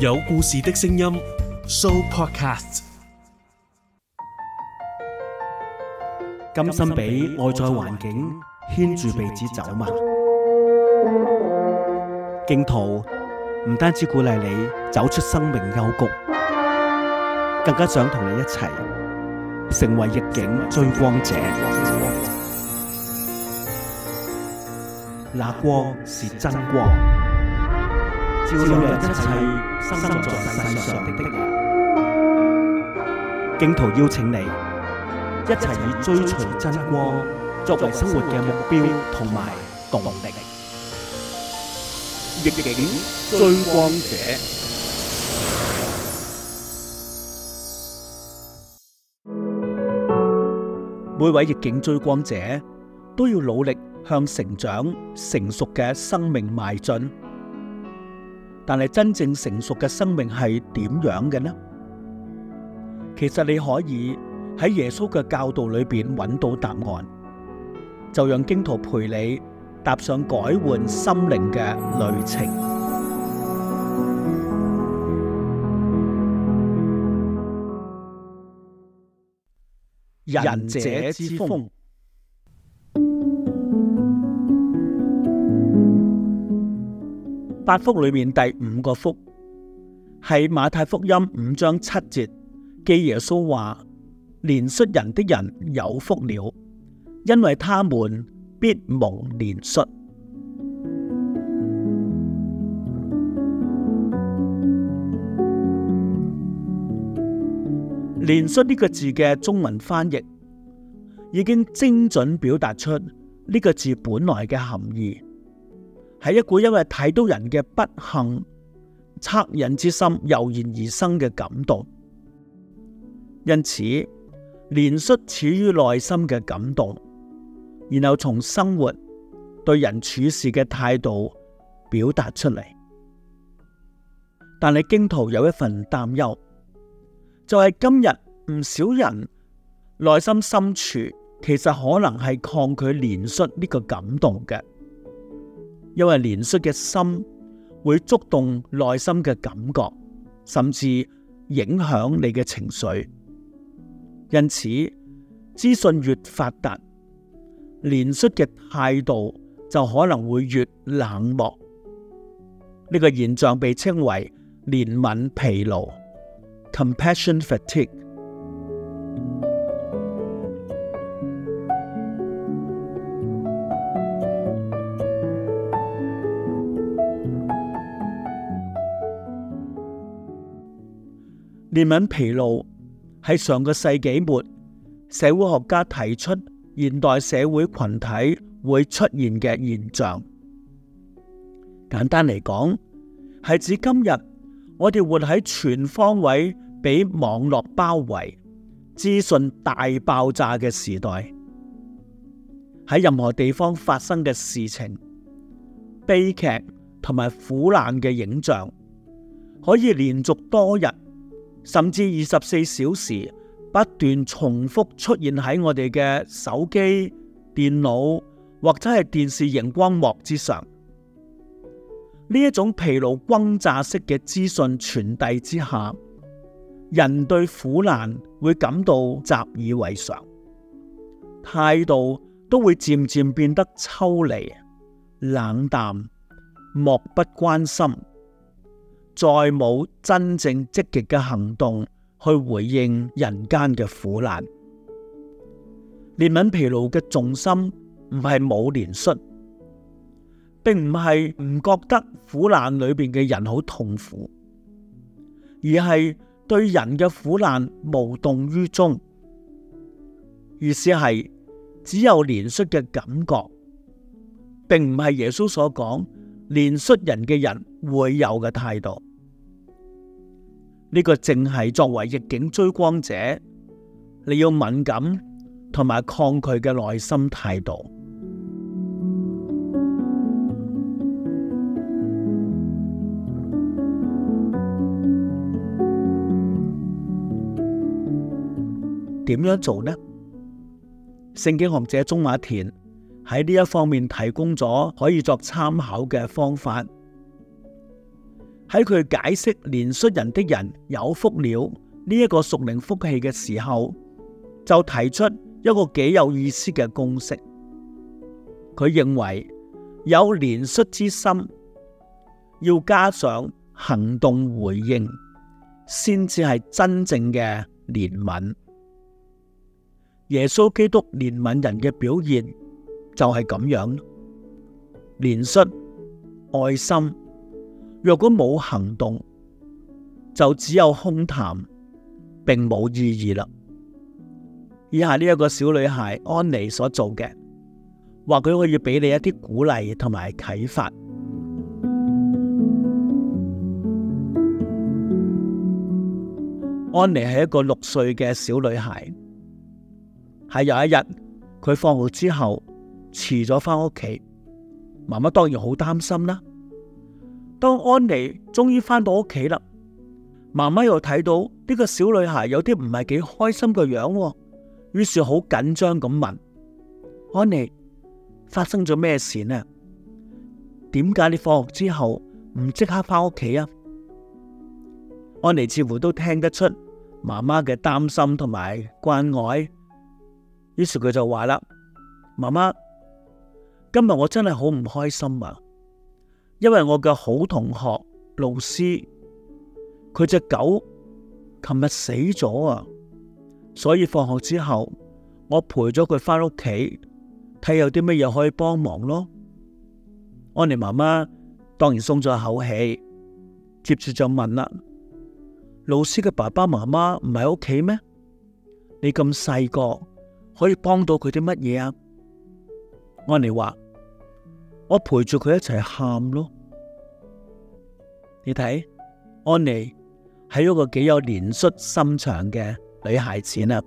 有故事的聲音，Sooopodcast。甘心俾外在環境牽住鼻子走嗎？荊徒唔單止鼓勵你走出生命幽谷，更加想同你一齊成為逆境追光者。那光是真光。照亮一切生在世上的的人，荊徒邀請你一齊以追隨真光作為生活嘅目標同埋動力。逆境追光者，每位逆境追光者都要努力向成長成熟嘅生命邁進。但係真正成熟嘅生命係點樣嘅呢？其實你可以喺耶穌嘅教導裏邊揾到答案，就讓荊徒陪你踏上改換心靈嘅旅程。仁者之風。八福裏面第五個福，係馬太福音五章七節記耶穌話：「憐恤人的人有福了，因為他們必蒙憐恤。」憐恤呢個字嘅中文翻譯已經精準表達出呢、呢個字本來嘅含義。係一股因為睇到人嘅不幸，惻隱之心油然而生嘅感動，因此憐恤始於內心嘅感動，然後從生活對人處事嘅態度表達出嚟。但係荊徒有一份擔憂，就係、是、今日唔少人內心深處其實可能係抗拒憐恤呢個感動嘅。因為憐恤嘅心會觸動內心嘅感覺，甚至影響你嘅情緒。因此，資訊越發達，憐恤嘅態度就可能會越冷漠。呢、這個現象被稱為憐憫疲勞 （compassion fatigue）。Compass 憐憫疲勞係上個世紀末社會學家提出現代社會群體會出現嘅現象。簡單嚟講，係指今日我哋活喺全方位俾網絡包圍、資訊大爆炸嘅時代。喺任何地方發生嘅事情，悲劇同埋苦難嘅影像，可以連續多日。甚至二十四小時不斷重複出現喺我哋嘅手機、電腦或者係電視熒光幕之上，呢一種疲勞轟炸式嘅資訊傳遞之下，人對苦難會感到習以為常，態度都會漸漸變得抽離、冷淡、漠不關心。再冇真正積極嘅行動去回應人間嘅苦難，憐憫疲勞嘅重心唔係冇憐恤，並唔係唔覺得苦難裏邊嘅人好痛苦，而係對人嘅苦難無動於衷。意思係只有憐恤嘅感覺，並唔係耶穌所講憐恤人嘅人會有嘅態度。呢個正係作為逆境追光者，你要敏感同埋抗拒嘅內心態度。點樣做呢？聖經學者鍾馬田喺呢一方面提供咗可以作參考嘅方法。喺佢解釋憐恤人的人有福了呢一個屬靈福氣嘅時候，就提出一個幾有意思嘅公式。佢認為有憐恤之心，要加上行動回應，先至係真正嘅憐憫。耶穌基督憐憫人嘅表現就係咁樣，憐恤愛心，若果冇行動，就只有空談，並冇意義啦。以下呢一個小女孩安妮所做嘅，話佢可以俾你一啲鼓勵同埋啟發。安妮係一個六歲嘅小女孩，喺有一日佢放學之後遲咗返屋企，媽媽當然好擔心啦。當安妮終於翻到屋企啦，媽媽又睇到呢個小女孩有啲唔係幾開心嘅樣，於是好緊張咁問安妮：發生咗咩事呢？點解你放學之後唔即刻翻屋企啊？安妮似乎都聽得出媽媽嘅擔心同埋關愛，於是佢就話啦：媽媽，今日我真係好唔開心啊！因為我嘅好同學路斯，佢隻狗琴日死咗啊，所以放學之後我陪咗佢返屋企，睇有啲乜嘢可以幫忙咯。安妮媽媽當然鬆咗口氣，接住就問啦：路斯嘅爸爸媽媽唔喺屋企咩？你咁細個可以幫到佢啲乜嘢啊？安妮話。我陪住佢一齊喊咯，你睇，安妮係一個幾有憐恤心腸嘅女孩子啊。